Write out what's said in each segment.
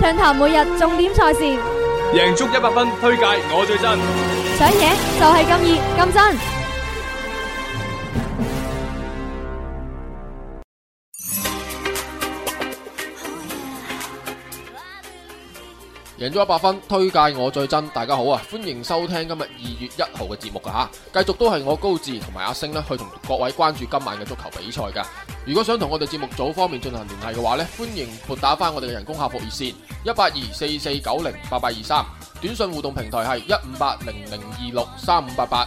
暢談每日重點賽事，贏足一百分，推介我最真，想贏就係咁熱咁真。贏咗一百分，推介我最真。大家好啊，歡迎收聽今日二月一號嘅節目噶吓，繼續都係我高志同埋阿星呢去同各位關注今晚嘅足球比賽噶。如果想同我哋節目組方面進行聯繫嘅話呢，歡迎撥打翻我哋嘅人工客服熱線一八二四四九零八八二三，短信互動平台係一五八零零二六三五八八，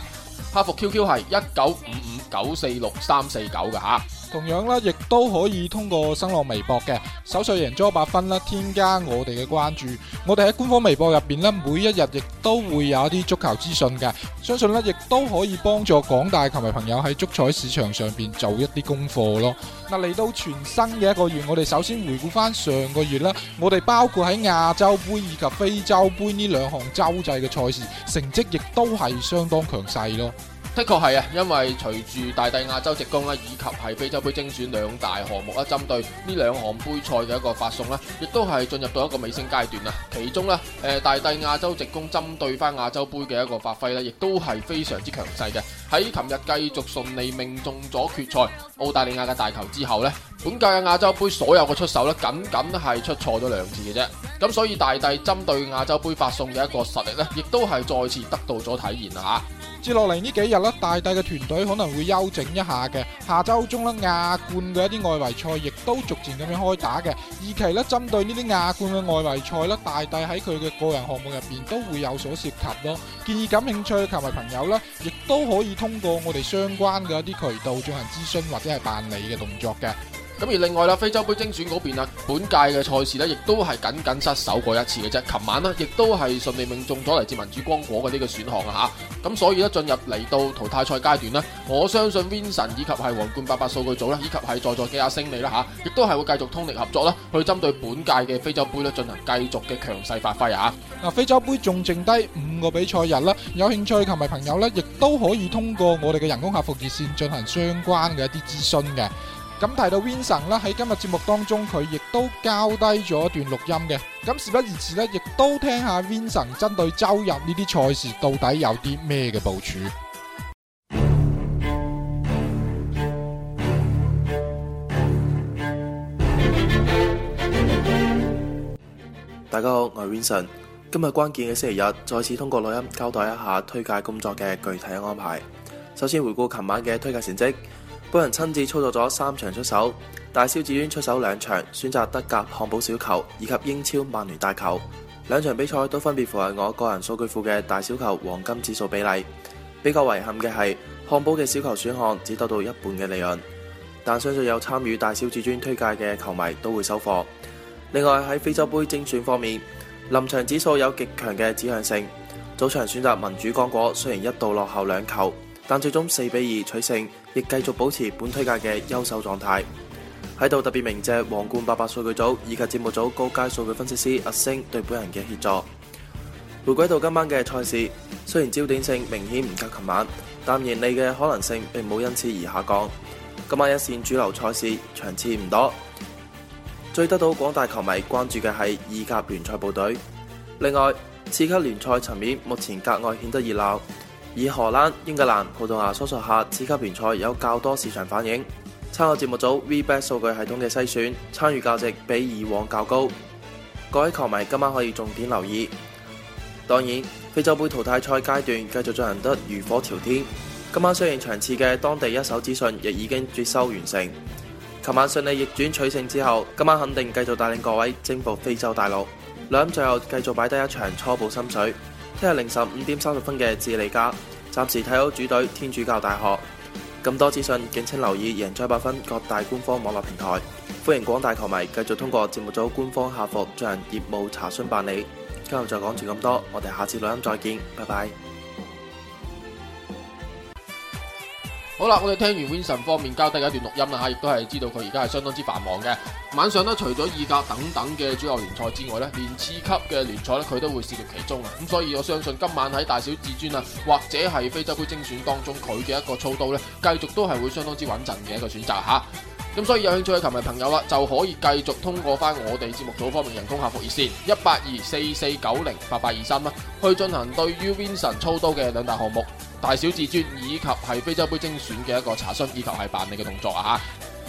客服 Q Q 係一九五五九四六三四九嘅吓。同樣啦，亦都可以通過新浪微博嘅搜索贏足 100FUN 啦，添加我哋嘅關注。我哋喺官方微博入面咧，每一日亦都會有一啲足球資訊嘅。相信咧，亦都可以幫助廣大球迷朋友喺足彩市場上面做一啲功課咯。嗱，嚟到全新嘅一個月，我哋首先回顧翻上個月啦。我哋包括喺亞洲杯以及非洲杯呢兩項洲際嘅賽事成績，亦都係相當強勢咯。的確係啊，因為隨住大帝亞洲直攻啦，以及係非洲杯精選兩大項目啦，針對呢兩項杯賽嘅一個發送呢，亦都係進入到一個尾聲階段啦。其中呢，誒，大帝亞洲直攻針對翻亞洲杯嘅一個發揮呢，亦都係非常之強勢嘅。喺琴日繼續順利命中咗決賽澳大利亞嘅大球之後呢，本屆嘅亞洲杯所有嘅出手呢，僅僅係出錯咗兩次嘅啫。咁所以大帝針對亞洲杯發送嘅一個實力呢，亦都係再次得到咗體現啦吓。接落嚟呢幾日咧，大帝嘅團隊可能會休整一下嘅。下周中咧亞冠嘅一啲外圍賽亦都逐漸咁樣開打嘅。二期咧針對呢啲亞冠嘅外圍賽咧，大帝喺佢嘅個人項目入邊都會有所涉及咯。建議感興趣嘅球迷朋友呢，亦都可以通過我哋相關嘅一啲渠道進行諮詢或者係辦理嘅動作嘅。咁而另外啦，非洲杯精選嗰邊啊，本屆嘅賽事咧，亦都係僅僅失手過一次嘅啫。琴晚啦，亦都係順利命中咗嚟自民主剛果嘅呢個選項啊！吓，咁所以咧，進入嚟到淘汰賽階段咧，我相信 Vincent 以及係皇冠八八數據組啦，以及係在座嘅阿星你啦，吓，亦都係會繼續通力合作啦，去針對本屆嘅非洲杯咧進行繼續嘅強勢發揮啊！嗱，非洲杯仲剩低五個比賽日啦，有興趣嘅球迷朋友咧，亦都可以通過我哋嘅人工客服熱線進行相關嘅一啲諮詢嘅。咁提到 Vincent 啦，喺今日節目當中，佢亦都交低咗一段錄音嘅。咁，事不宜遲咧，亦都聽下 Vincent 針對周日呢啲賽事到底有啲咩嘅部署。大家好，我係 Vincent。今日關鍵嘅星期日，再次通過錄音交代一下推介工作嘅具體安排。首先回顧琴晚嘅推介成績。本人親自操作咗三場出手，大小至尊出手兩場，選擇德甲漢堡小球以及英超曼聯大球，兩場比賽都分別符合我個人數據庫嘅大小球黃金指數比例。比較遺憾嘅係漢堡嘅小球選項只得到一半嘅利潤，但相信有參與大小至尊推介嘅球迷都會收貨。另外喺非洲杯精選方面，臨場指數有極強嘅指向性，早場選擇民主剛果雖然一度落後兩球，但最終四比二取勝。亦繼續保持本推介嘅優秀狀態，喺度特別鳴謝皇冠八八數據組以及節目組高階數據分析師阿星對本人嘅協助。回歸到今晚嘅賽事，雖然焦點性明顯唔及琴晚，但盈利嘅可能性並冇因此而下降。今晚一線主流賽事場次唔多，最得到廣大球迷關注嘅係意甲聯賽部隊。另外，次級聯賽層面目前格外顯得熱鬧。以荷蘭、英格蘭、葡萄牙、所屬下次級聯賽有較多市場反應，參考節目組 Vbet 數據系統嘅篩選，參與價值比以往較高。各位球迷今晚可以重點留意。當然，非洲杯淘汰賽階段繼續進行得如火朝天，今晚雖然場次嘅當地一手資訊亦已經接收完成，琴晚順利逆轉取勝之後，今晚肯定繼續帶領各位征服非洲大陸。兩最後繼續擺低一場初步心水。聽日凌晨五點三十分嘅智利甲，暫時睇好主隊天主教大學。咁多資訊，敬請留意贏足 100FUN 各大官方網絡平台。歡迎廣大球迷繼續通過節目組官方客服進行業務查詢辦理。今日就講住咁多，我哋下次錄音再見，拜拜。好啦，我哋聽完 Vincent 方面交低一段錄音啦吓，亦都係知道佢而家係相當之繁忙嘅。晚上咧，除咗意甲等等嘅主流聯賽之外咧，連次級嘅聯賽咧，佢都會涉獵其中啊。咁所以我相信今晚喺大小至尊啊，或者係非洲區精選當中，佢嘅一個操刀咧，繼續都係會相當之穩陣嘅一個選擇吓。咁所以有興趣嘅球迷朋友啦，就可以繼續通過翻我哋節目組方面人工客服熱線一八二四四九零八八二三啦，去進行對於 Vincent 操刀嘅兩大項目。大小至尊以及係非洲盃精選嘅一個查詢，以及係辦理嘅動作啊！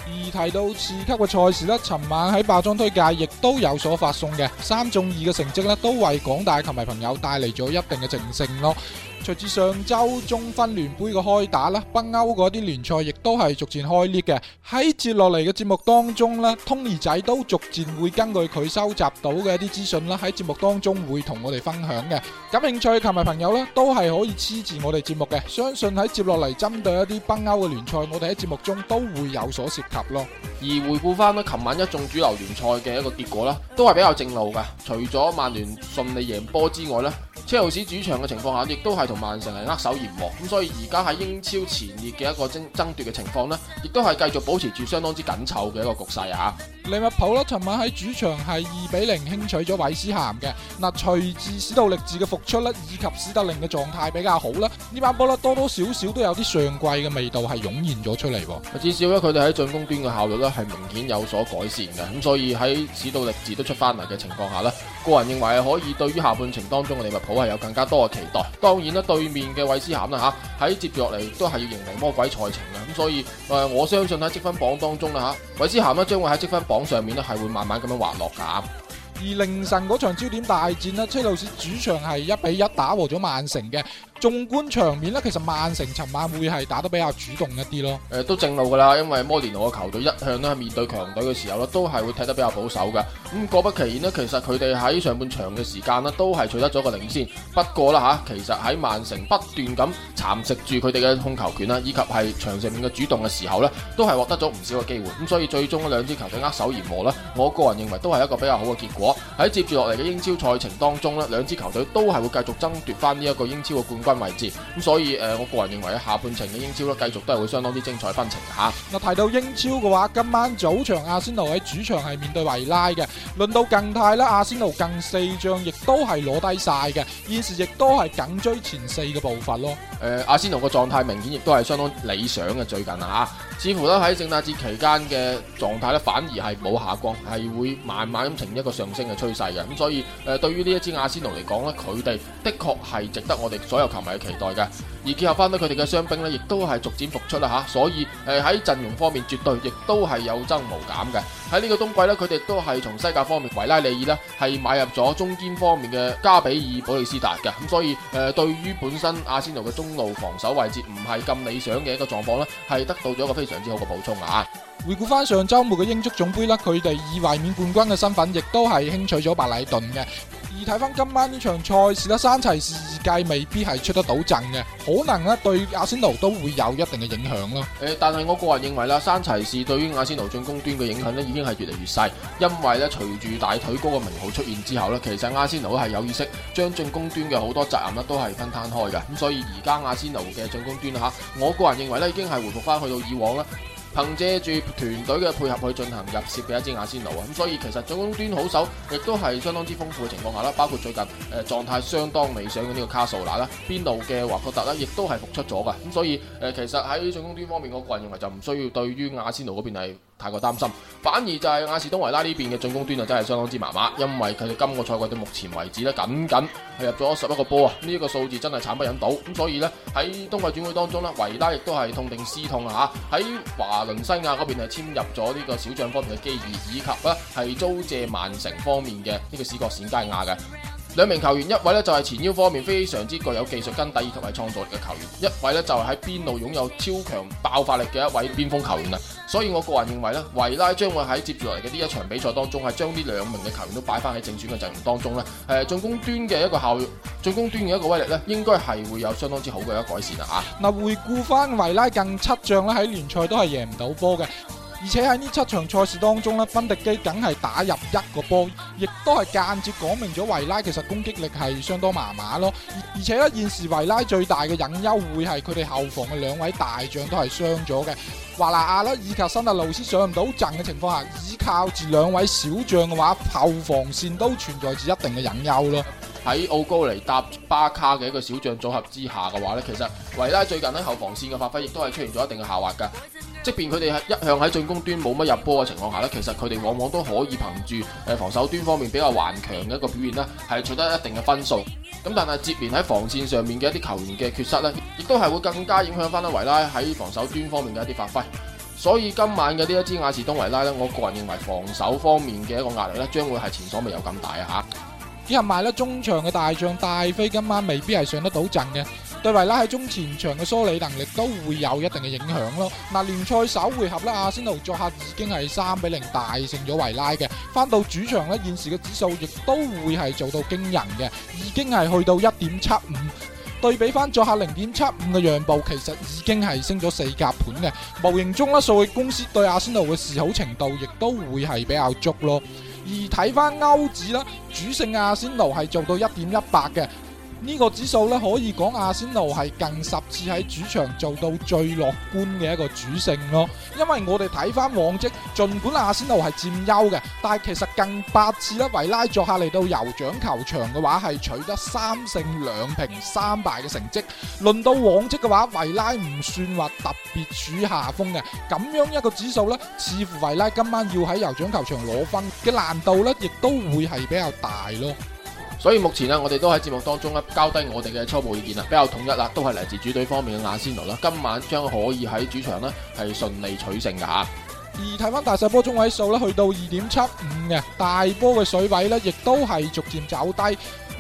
而提到次級嘅賽事咧，尋晚喺八莊推介亦都有所發送嘅三中二嘅成績咧，都為廣大球迷朋友帶嚟咗一定嘅淨勝咯。除咗上周中芬聯杯嘅開打啦，北歐嗰啲聯賽亦都係逐漸開裂嘅。喺接落嚟嘅節目當中啦，Tony 仔都逐漸會根據佢收集到嘅一啲資訊啦，喺節目當中會同我哋分享嘅。感興趣嘅球迷朋友咧，都係可以黐住我哋節目嘅。相信喺接落嚟針對一啲北歐嘅聯賽，我哋喺節目中都會有所涉及咯。而回顧翻咧，琴晚一眾主流聯賽嘅一個結果啦，都係比較正路噶。除咗曼聯順利贏波之外咧。車路士主場嘅情況下，亦都係同曼城係握手言和咁，所以而家喺英超前列嘅一個爭爭奪嘅情況呢，亦都係繼續保持住相當之緊湊嘅一個局勢啊，利物浦呢尋晚喺主場係二比零輕取咗韋斯咸嘅。嗱，隨住史道力治嘅復出呢，以及史特靈嘅狀態比較好啦。呢班波咧多多少少都有啲上季嘅味道係湧現咗出嚟喎。至少呢，佢哋喺進攻端嘅效率呢係明顯有所改善嘅。咁所以喺史道力治都出翻嚟嘅情況下呢。個人認為可以，對於下半程當中嘅利物浦係有更加多嘅期待。當然啦，對面嘅韋斯咸啦吓，喺接落嚟都係要迎嚟魔鬼賽程嘅，咁所以誒，我相信喺積分榜當中啦吓，韋斯咸將會喺積分榜上面咧係會慢慢咁樣滑落㗎。而凌晨嗰場焦點大戰咧，車路士主場係一比一打和咗曼城嘅。縱觀場面呢，其實曼城尋晚會係打得比較主動一啲咯。誒、呃，都正路噶啦，因為摩連奴嘅球隊一向咧，面對強隊嘅時候咧，都係會踢得比較保守噶。咁、嗯、果不其然呢，其實佢哋喺上半場嘅時間呢都係取得咗個領先。不過啦吓、啊，其實喺曼城不斷咁蠶食住佢哋嘅控球權啦，以及係場上面嘅主動嘅時候呢都係獲得咗唔少嘅機會。咁所以最終兩支球隊握手言和啦。我個人認為都係一個比較好嘅結果。喺接住落嚟嘅英超賽程當中咧，兩支球隊都係會繼續爭奪翻呢一個英超嘅冠軍位置，咁所以誒，我個人認為下半程嘅英超咧，繼續都係會相當之精彩紛呈吓。嗱，提到英超嘅話，今晚早場阿仙奴喺主場係面對維拉嘅，輪到近太啦，阿仙奴近四仗亦都係攞低晒嘅，現時亦都係緊追前四嘅步伐咯。誒、呃，阿仙奴嘅狀態明顯亦都係相當理想嘅，最近吓，似乎咧喺聖誕節期間嘅狀態咧，反而係冇下降，係會慢慢咁呈一個上升嘅趨勢嘅。咁所以誒、呃，對於呢一支阿仙奴嚟講咧，佢哋的確係值得我哋所有球。唔係期待嘅，而結合翻咧佢哋嘅傷兵呢亦都係逐漸復出啦吓，所以誒喺陣容方面絕對亦都係有增無減嘅。喺呢個冬季呢佢哋都係從西甲方面維拉利爾呢係買入咗中堅方面嘅加比爾保利斯達嘅，咁所以誒對於本身阿仙奴嘅中路防守位置唔係咁理想嘅一個狀況呢係得到咗一個非常之好嘅補充啊！回顧翻上週末嘅英足總盃啦，佢哋以衛冕冠軍嘅身份，亦都係輕取咗白禮頓嘅。而睇翻今晚呢場賽事，山齊士界未必係出得到陣嘅，可能咧對阿仙奴都會有一定嘅影響咯。誒，但係我個人認為啦，山齊士對於阿仙奴進攻端嘅影響咧，已經係越嚟越細，因為咧隨住大腿哥個名號出現之後咧，其實阿仙奴係有意識將進攻端嘅好多責任咧都係分攤開嘅，咁所以而家阿仙奴嘅進攻端吓，我個人認為咧已經係回復翻去到以往啦。憑借住團隊嘅配合去進行入楔嘅一支阿仙奴啊，咁所以其實進攻端好手亦都係相當之豐富嘅情況下啦，包括最近誒、呃、狀態相當理想嘅呢個卡蘇拿啦，邊路嘅華確特啦，亦都係復出咗㗎，咁所以誒、呃、其實喺進攻端方面我個人認為就唔需要對於阿仙奴嗰邊係太過擔心，反而就係亞士東維拉呢邊嘅進攻端啊，真係相當之麻麻，因為佢哋今個賽季到目前為止咧，僅僅係入咗十一個波啊，呢一個數字真係慘不忍睹，咁所以呢，喺冬季轉會當中呢，維拉亦都係痛定思痛啊，喺華倫西亞嗰邊係簽入咗呢個小將方面嘅機遇，以及咧係租借曼城方面嘅呢個史國賢佳亞嘅。兩名球員，一位咧就係前腰方面非常之具有技術根底及創造力嘅球員，一位咧就係喺邊路擁有超強爆發力嘅一位邊鋒球員啊！所以我個人認為咧，維拉將會喺接住落嚟嘅呢一場比賽當中，係將呢兩名嘅球員都擺翻喺正選嘅陣容當中咧，誒、呃，進攻端嘅一個效，進攻端嘅一個威力咧，應該係會有相當之好嘅一個改善啦啊！嗱，回顧翻維拉近七仗咧喺聯賽都係贏唔到波嘅。而且喺呢七場賽事當中呢，芬迪基梗係打入一個波，亦都係間接講明咗維拉其實攻擊力係相當麻麻咯。而且呢，現時維拉最大嘅隱憂會係佢哋後防嘅兩位大將都係傷咗嘅，華拿亞啦以及辛特路斯上唔到陣嘅情況下，依靠住兩位小將嘅話，後防線都存在住一定嘅隱憂咯。喺奧高尼搭巴卡嘅一個小將組合之下嘅話呢，其實維拉最近喺後防線嘅發揮亦都係出現咗一定嘅下滑噶。即便佢哋係一向喺進攻端冇乜入波嘅情況下呢，其實佢哋往往都可以憑住誒防守端方面比較頑強嘅一個表現呢，係取得一定嘅分數。咁但係接連喺防線上面嘅一啲球員嘅缺失呢，亦都係會更加影響翻維拉喺防守端方面嘅一啲發揮。所以今晚嘅呢一支亞士東維拉呢，我個人認為防守方面嘅一個壓力呢，將會係前所未有咁大啊！吓～只係賣咗中場嘅大將大飛，今晚未必係上得到陣嘅，對維拉喺中前場嘅梳理能力都會有一定嘅影響咯。嗱，聯賽首回合咧，阿仙奴作客已經係三比零大勝咗維拉嘅，翻到主場咧，現時嘅指數亦都會係做到驚人嘅，已經係去到一點七五，對比翻作客零點七五嘅讓步，其實已經係升咗四格盤嘅，無形中咧，數據公司對阿仙奴嘅示好程度亦都會係比較足咯。而睇翻歐指啦，主勝阿仙奴係做到一點一八嘅。呢個指數咧可以講阿仙奴係近十次喺主場做到最樂觀嘅一個主勝咯，因為我哋睇翻往績，盡管阿仙奴係佔優嘅，但係其實近八次咧維拉作客嚟到酋長球場嘅話係取得三勝兩平三敗嘅成績。輪到往績嘅話，維拉唔算話特別處於下風嘅，咁樣一個指數咧，似乎維拉今晚要喺酋長球場攞分嘅難度咧，亦都會係比較大咯。所以目前咧，我哋都喺節目當中咧交低我哋嘅初步意見啦，比較統一啦，都係嚟自主隊方面嘅亞仙奴啦。今晚將可以喺主場咧係順利取勝嘅吓。而睇翻大細波中位數咧，去到二點七五嘅大波嘅水位咧，亦都係逐漸走低。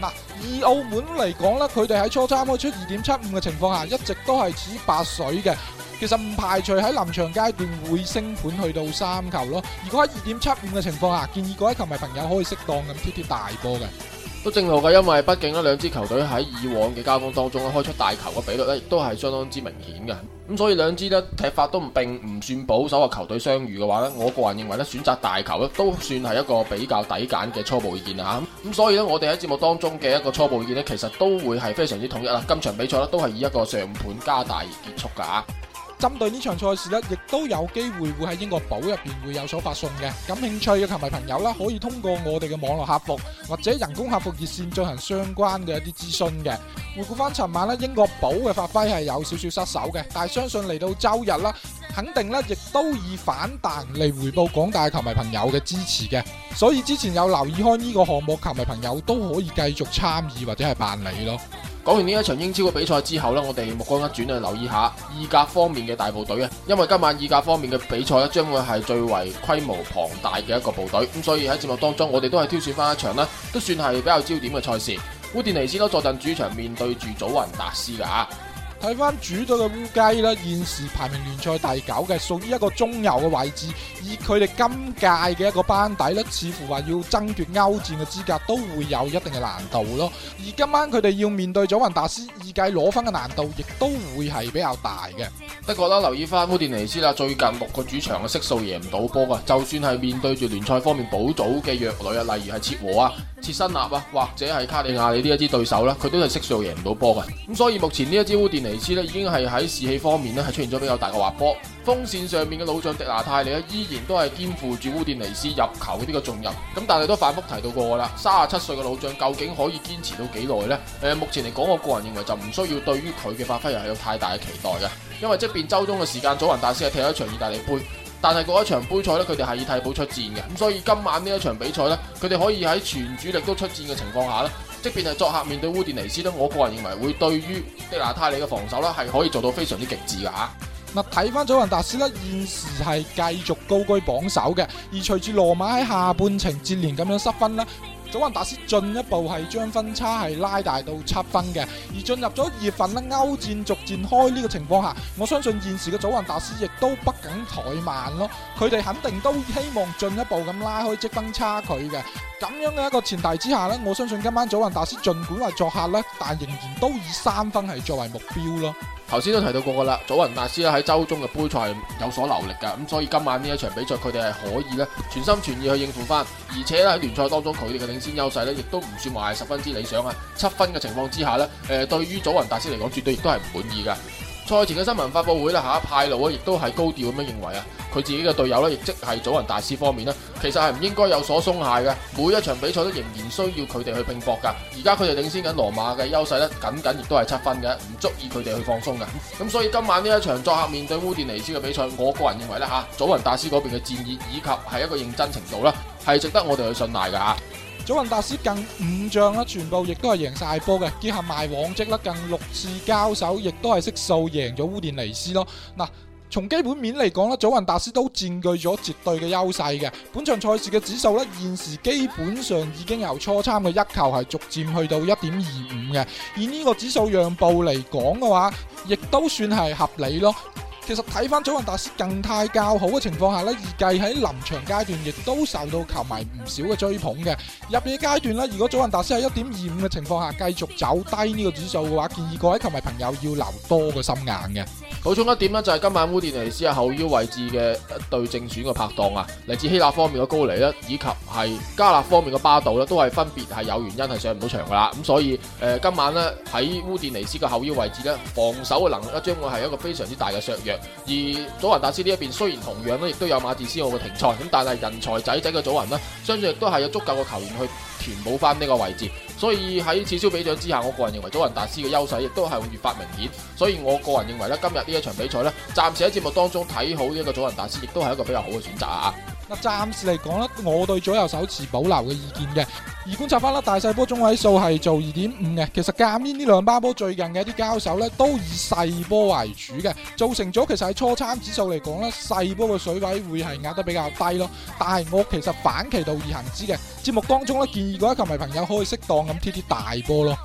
嗱，以澳門嚟講咧，佢哋喺初三開出二點七五嘅情況下，一直都係隻白水嘅。其實唔排除喺臨場階段會升盤去到三球咯。如果喺二點七五嘅情況下，建議各位球迷朋友可以適當咁貼貼大波嘅。都正好嘅，因為畢竟呢兩支球隊喺以往嘅交鋒當中咧，開出大球嘅比率咧，亦都係相當之明顯嘅，咁所以兩支咧踢法都並唔算保守嘅球隊相遇嘅話咧，我個人認為咧選擇大球咧都算係一個比較抵揀嘅初步意見啊，咁所以咧我哋喺節目當中嘅一個初步意見咧，其實都會係非常之統一啦，今場比賽咧都係以一個上盤加大而結束噶。針對呢場賽事咧，亦都有機會會喺英國寶入邊會有所發送嘅。感興趣嘅球迷朋友啦，可以通過我哋嘅網絡客服或者人工客服熱線進行相關嘅一啲諮詢嘅。回顧翻尋晚咧，英國寶嘅發揮係有少少失手嘅，但係相信嚟到周日啦，肯定咧亦都以反彈嚟回報廣大球迷朋友嘅支持嘅。所以之前有留意開呢個項目，球迷朋友都可以繼續參與或者係辦理咯。講完呢一場英超嘅比賽之後呢，我哋目光一轉，去留意下意甲方面嘅大部隊啊，因為今晚意甲方面嘅比賽咧，將會係最為規模龐大嘅一個部隊，咁所以喺節目當中，我哋都係挑選翻一場都算係比較焦點嘅賽事，烏迪尼斯都坐陣主場面對住祖雲達斯啊。睇翻主隊嘅烏雞啦，現時排名聯賽第九嘅，屬於一個中游嘅位置。以佢哋今屆嘅一個班底咧，似乎話要爭奪歐戰嘅資格，都會有一定嘅難度咯。而今晚佢哋要面對祖雲達斯，預計攞分嘅難度亦都會係比較大嘅。不過啦，留意翻烏迪尼斯啦，最近六個主場嘅色數贏唔到波噶，就算係面對住聯賽方面保組嘅弱旅啊，例如係切禾啊、切辛納啊，或者係卡利亞里呢一支對手啦，佢都係色數贏唔到波嘅。咁所以目前呢一支烏迪尼。其次咧，已經係喺士氣方面咧，係出現咗比較大嘅滑坡。鋒線上面嘅老將迪拿泰利咧，依然都係肩負住烏甸尼斯入球呢個重任。咁但係都反復提到過啦，三十七歲嘅老將究竟可以堅持到幾耐呢？誒、呃，目前嚟講，我個人認為就唔需要對於佢嘅發揮有太大嘅期待嘅，因為即便周中嘅時間，祖雲達斯係踢咗一場意大利杯，但係嗰一場杯賽呢，佢哋係以替補出戰嘅。咁所以今晚呢一場比賽呢，佢哋可以喺全主力都出戰嘅情況下咧。即便係作客面對烏迪尼斯都，我個人認為會對於迪娜泰利嘅防守咧，係可以做到非常之極致噶吓嗱，睇翻祖雲達斯咧，現時係繼續高居榜首嘅，而隨住羅馬喺下半程接連咁樣失分啦。祖雲達斯進一步係將分差係拉大到七分嘅，而進入咗二月份咧，歐戰逐漸開呢個情況下，我相信現時嘅祖雲達斯亦都不敢怠慢咯，佢哋肯定都希望進一步咁拉開積分差距嘅。咁樣嘅一個前提之下呢，我相信今晚祖雲達斯盡管係作客呢，但仍然都以三分係作為目標咯。頭先都提到過噶啦，祖雲達斯咧喺周中嘅杯賽有所留力噶，咁所以今晚呢一場比賽佢哋係可以咧全心全意去應付翻，而且咧喺聯賽當中佢哋嘅領先優勢咧亦都唔算話係十分之理想啊，七分嘅情況之下咧，誒對於祖雲達斯嚟講絕對亦都係唔滿意噶。賽前嘅新聞發佈會咧嚇，派路啊，亦都係高調咁樣認為啊，佢自己嘅隊友咧，亦即係祖雲達斯方面咧，其實係唔應該有所鬆懈嘅。每一場比賽都仍然需要佢哋去拼搏噶。而家佢哋領先緊羅馬嘅優勢咧，僅僅亦都係七分嘅，唔足以佢哋去放鬆嘅。咁所以今晚呢一場作客面對烏迪尼斯嘅比賽，我個人認為咧嚇，祖雲達斯嗰邊嘅戰意以及係一個認真程度啦，係值得我哋去信賴嘅嚇。祖雲達斯近五仗啦，全部亦都係贏晒波嘅。結合埋往績啦，近六次交手亦都係悉數贏咗烏甸尼斯咯。嗱，從基本面嚟講啦，祖雲達斯都佔據咗絕對嘅優勢嘅。本場賽事嘅指數咧，現時基本上已經由初參嘅一球係逐漸去到一點二五嘅。以呢個指數讓步嚟講嘅話，亦都算係合理咯。其實睇翻祖雲達斯近態較好嘅情況下呢，預計喺臨場階段亦都受到球迷唔少嘅追捧嘅。入嘅階段呢，如果祖雲達斯喺一點二五嘅情況下繼續走低呢個指數嘅話，建議各位球迷朋友要留多個心眼嘅。補充一點呢，就係今晚烏迪尼斯後腰位置嘅一對正選嘅拍檔啊，嚟自希臘方面嘅高尼咧，以及係加納方面嘅巴杜呢，都係分別係有原因係上唔到場噶啦。咁所以誒今晚呢，喺烏迪尼斯嘅後腰位置呢，防守嘅能力咧，將會係一個非常之大嘅削弱。而祖雲達斯呢一邊雖然同樣咧，亦都有馬自斯奧嘅停賽，咁但係人才仔仔嘅祖雲呢，相信亦都係有足夠嘅球員去填補翻呢個位置，所以喺此消彼長之下，我個人認為祖雲達斯嘅優勢亦都係會越發明顯，所以我個人認為咧，今日呢一場比賽呢，暫時喺節目當中睇好呢一個祖雲達斯，亦都係一個比較好嘅選擇啊。暫時嚟講咧，我對左右手持保留嘅意見嘅。而觀察翻咧，大細波中位數係做二點五嘅。其實下面呢兩波最近嘅一啲交手咧，都以細波為主嘅，造成咗其實喺初參指數嚟講咧，細波嘅水位會係壓得比較低咯。但係我其實反其道而行之嘅，節目當中咧建議嘅球迷朋友可以適當咁貼啲大波咯。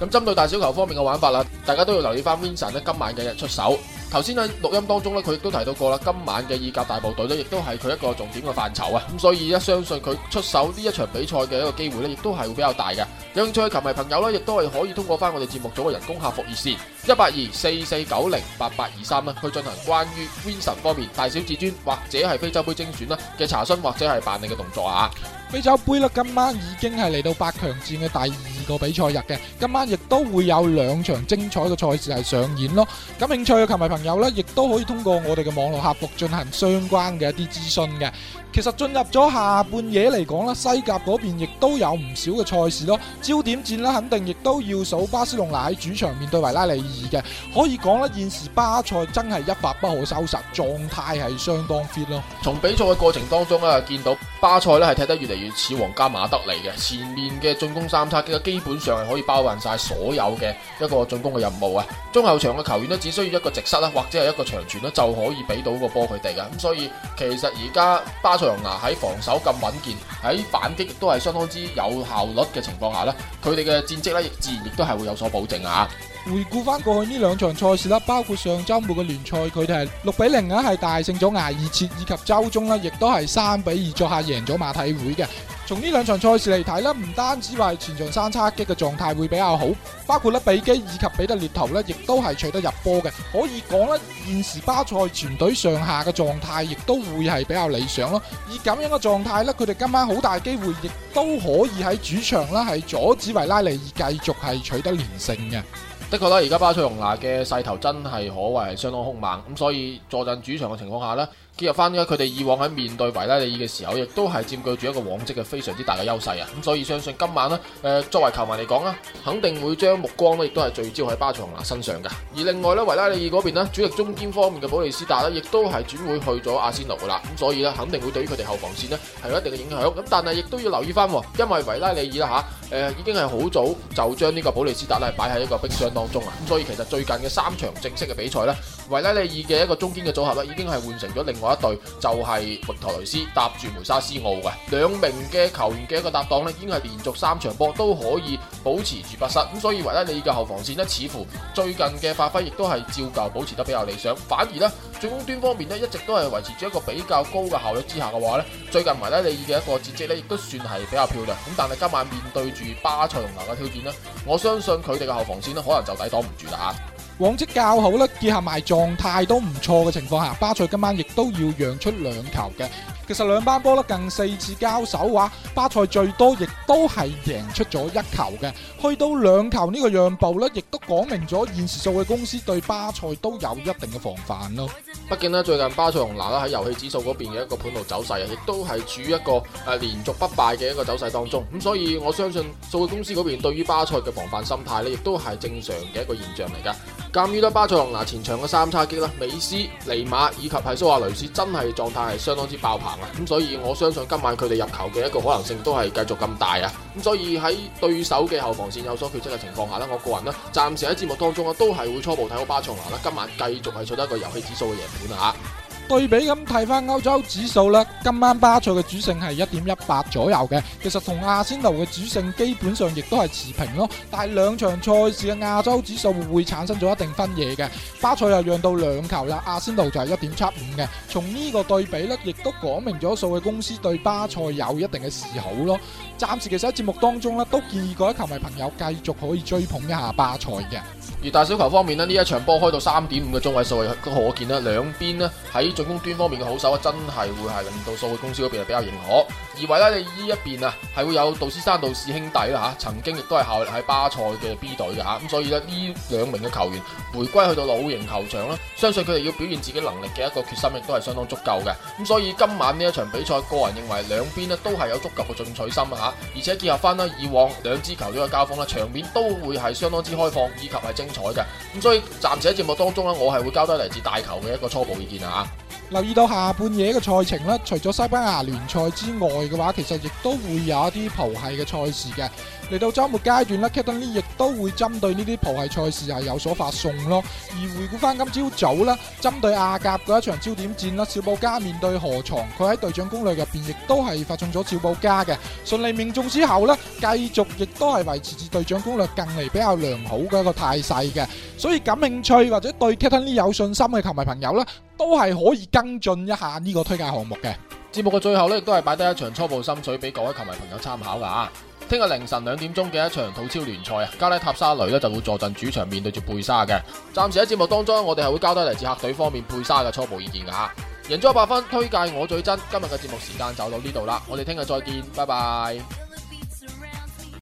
咁針對大小球方面嘅玩法啦，大家都要留意翻 Vincent 今晚嘅日出手。頭先喺錄音當中咧，佢亦都提到過啦，今晚嘅意甲大部隊咧，亦都係佢一個重點嘅範疇啊！咁所以咧，相信佢出手呢一場比賽嘅一個機會咧，亦都係會比較大嘅。有興趣嘅球迷朋友咧，亦都係可以通過翻我哋節目組嘅人工客服熱線一八二四四九零八八二三啦，去進行關於 Vincent 方面大小至尊或者係非洲杯精選啦嘅查詢或者係辦理嘅動作啊！非洲杯啦，今晚已經係嚟到八強戰嘅第二個比賽日嘅，今晚亦都會有兩場精彩嘅賽事係上演咯。感興趣嘅球迷朋友呢，亦都可以通過我哋嘅網絡客服進行相關嘅一啲諮詢嘅。其實進入咗下半夜嚟講咧，西甲嗰邊亦都有唔少嘅賽事咯。焦點戰咧，肯定亦都要數巴塞隆拿喺主場面對維拉利爾嘅，可以講咧，現時巴塞真係一發不可收拾，狀態係相當 fit 咯。從比賽嘅過程當中咧，見到巴塞咧係踢得越嚟。似皇家馬德里嘅前面嘅進攻三叉戟，基本上係可以包辦晒所有嘅一個進攻嘅任務啊！中後場嘅球員呢，只需要一個直塞啦，或者係一個長傳啦，就可以俾到個波佢哋㗎。咁所以其實而家巴塞隆拿喺防守咁穩健，喺反擊亦都係相當之有效率嘅情況下呢，佢哋嘅戰績呢，亦自然亦都係會有所保證啊！回顧翻過去呢兩場賽事啦，包括上周末嘅聯賽佢哋係六比零啊，係大勝咗牙二切，以及周中呢亦都係三比二作客贏咗馬體會嘅。從呢兩場賽事嚟睇呢，唔單止話前場三叉戟嘅狀態會比較好，包括呢比基以及比得列頭呢亦都係取得入波嘅，可以講呢，現時巴塞全隊上下嘅狀態亦都會係比較理想咯。以咁樣嘅狀態呢，佢哋今晚好大機會，亦都可以喺主場呢係阻止維拉利爾繼續係取得連勝嘅。的確啦，而家巴塞隆那嘅勢頭真係可謂相當兇猛，咁所以坐鎮主場嘅情況下咧。結合翻咧，佢哋以往喺面對維拉利爾嘅時候，亦都係佔據住一個往績嘅非常之大嘅優勢啊！咁所以相信今晚咧，誒、呃、作為球迷嚟講啦，肯定會將目光咧，亦都係聚焦喺巴塞羅那身上嘅。而另外咧，維拉利爾嗰邊咧，主力中堅方面嘅保利斯達咧，亦都係轉會去咗阿仙奴嘅啦。咁所以咧，肯定會對於佢哋後防線呢，係有一定嘅影響。咁但係亦都要留意翻，因為維拉利爾啦嚇，誒、呃、已經係好早就將呢個保利斯達咧擺喺一個冰箱當中啊！咁所以其實最近嘅三場正式嘅比賽咧，維拉利爾嘅一個中堅嘅組合已經係換成咗另外一隊，就係穆托雷斯搭住梅沙斯奧嘅兩名嘅球員嘅一個搭檔已經係連續三場波都可以保持住不失，咁所以維拉利爾嘅後防線似乎最近嘅發揮亦都係照舊保持得比較理想。反而呢，進攻端方面一直都係維持住一個比較高嘅效率之下嘅話呢最近維拉利爾嘅一個戰績咧，亦都算係比較漂亮。咁但係今晚面對住巴塞隆拿嘅挑戰我相信佢哋嘅後防線可能就抵擋唔住啦吓。往績較好咧，結合埋狀態都唔錯嘅情況下，巴塞今晚亦都要讓出兩球嘅。其實兩班波咧近四次交手話巴塞最多亦都係贏出咗一球嘅。去到兩球呢個讓步呢亦都講明咗現時數據公司對巴塞都有一定嘅防範咯。畢竟呢，最近巴塞同拿啦喺遊戲指數嗰邊嘅一個盤路走勢啊，亦都係處於一個連續不敗嘅一個走勢當中。咁所以我相信數據公司嗰邊對於巴塞嘅防範心態呢亦都係正常嘅一個現象嚟噶。鑒於咧巴塞隆拿前場嘅三叉戟啦美斯、尼馬以及係蘇亞雷斯真係狀態係相當之爆棚啊！咁所以我相信今晚佢哋入球嘅一個可能性都係繼續咁大啊！咁所以喺對手嘅後防線有所缺陣嘅情況下我個人呢暫時喺節目當中都係會初步睇好巴塞隆拿啦，今晚繼續係取得一個遊戲指數嘅贏本。對比咁睇翻歐洲指數啦，今晚巴塞嘅主勝係一點一八左右嘅，其實同阿仙奴嘅主勝基本上亦都係持平咯。但係兩場賽事嘅亞洲指數會產生咗一定分野嘅，巴塞又讓到兩球啦，阿仙奴就係一點七五嘅。從呢個對比呢，亦都講明咗數據公司對巴塞有一定嘅示好咯。暫時其實喺節目當中呢，都建議各位球迷朋友繼續可以追捧一下巴塞嘅。而大小球方面呢，呢一場波開到三點五嘅中位數，佢可見咧，兩邊呢，喺進攻端方面嘅好手啊，真係會係令到數據公司嗰邊比較認可。以為啦，你呢一邊啊，係會有杜斯山杜斯兄弟啦嚇，曾經亦都係效力喺巴塞嘅 B 隊嘅嚇，咁所以呢，呢兩名嘅球員回歸去到老型球場啦。相信佢哋要表現自己能力嘅一個決心亦都係相當足夠嘅，咁所以今晚呢一場比賽，個人認為兩邊咧都係有足夠嘅進取心啊，而且結合翻啦以往兩支球隊嘅交鋒咧，場面都會係相當之開放以及係精彩嘅，咁所以暫時喺節目當中咧，我係會交低嚟自大球嘅一個初步意見啊，留意到下半夜嘅賽程啦，除咗西班牙聯賽之外。嘅話，其實亦都會有一啲葡系嘅賽事嘅。嚟到周末階段咧，Captain Lee 亦都會針對呢啲葡系賽事係有所發送咯。而回顧翻今朝早咧，針對阿甲嗰一場焦點戰啦，小保加面對河床，佢喺隊長攻略入邊亦都係發送咗小保加嘅，順利命中之後呢，繼續亦都係維持住隊長攻略近嚟比較良好嘅一個態勢嘅。所以感興趣或者對 Captain Lee 有信心嘅球迷朋友呢，都係可以跟進一下呢個推介項目嘅。節目嘅最後咧，亦都係擺低一場初步心水俾各位球迷朋友參考噶。聽日凌晨兩點鐘嘅一場土超聯賽啊，加拉塔沙雷就會坐鎮主場面對住貝沙嘅。暫時喺節目當中，我哋係會交低嚟自客隊方面貝沙嘅初步意見噶。贏咗一百分，推介我最真。今日嘅節目時間就到呢度啦，我哋聽日再見，拜拜。